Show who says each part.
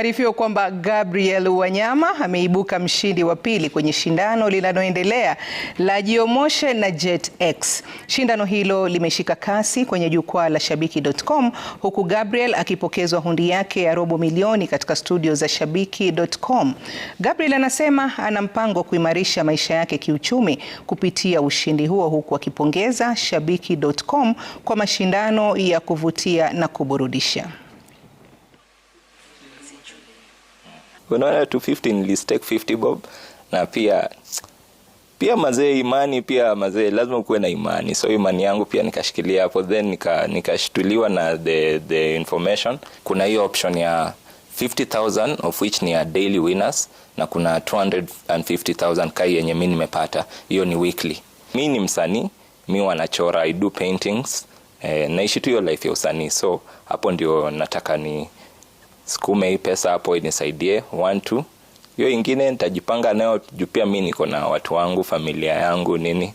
Speaker 1: Taarifiwa kwamba Gabriel Wanyama ameibuka mshindi wa pili kwenye shindano linaloendelea la Jiomoshe na Jet X. Shindano hilo limeshika kasi kwenye jukwaa la Shabiki.com huku Gabriel akipokezwa hundi yake ya robo milioni katika studio za Shabiki.com. Gabriel anasema ana mpango wa kuimarisha maisha yake kiuchumi kupitia ushindi huo huku akipongeza Shabiki.com kwa mashindano ya kuvutia na kuburudisha.
Speaker 2: unaona 250 nilistake 50 bob na pia pia mazee imani pia mazee lazima ukuwe na imani so imani yangu pia nikashikilia hapo then nikashituliwa nika, na the, the information kuna hiyo option ya 50000 of which ni ya daily winners na kuna 250000 kai yenye mi nimepata hiyo ni weekly mi ni msanii mi wanachora i do paintings eh, naishi tu hiyo life ya usanii so hapo ndio nataka ni sikume hii pesa hapo inisaidie one hiyo ingine nitajipanga nayo juu, pia mi niko na watu wangu, familia yangu nini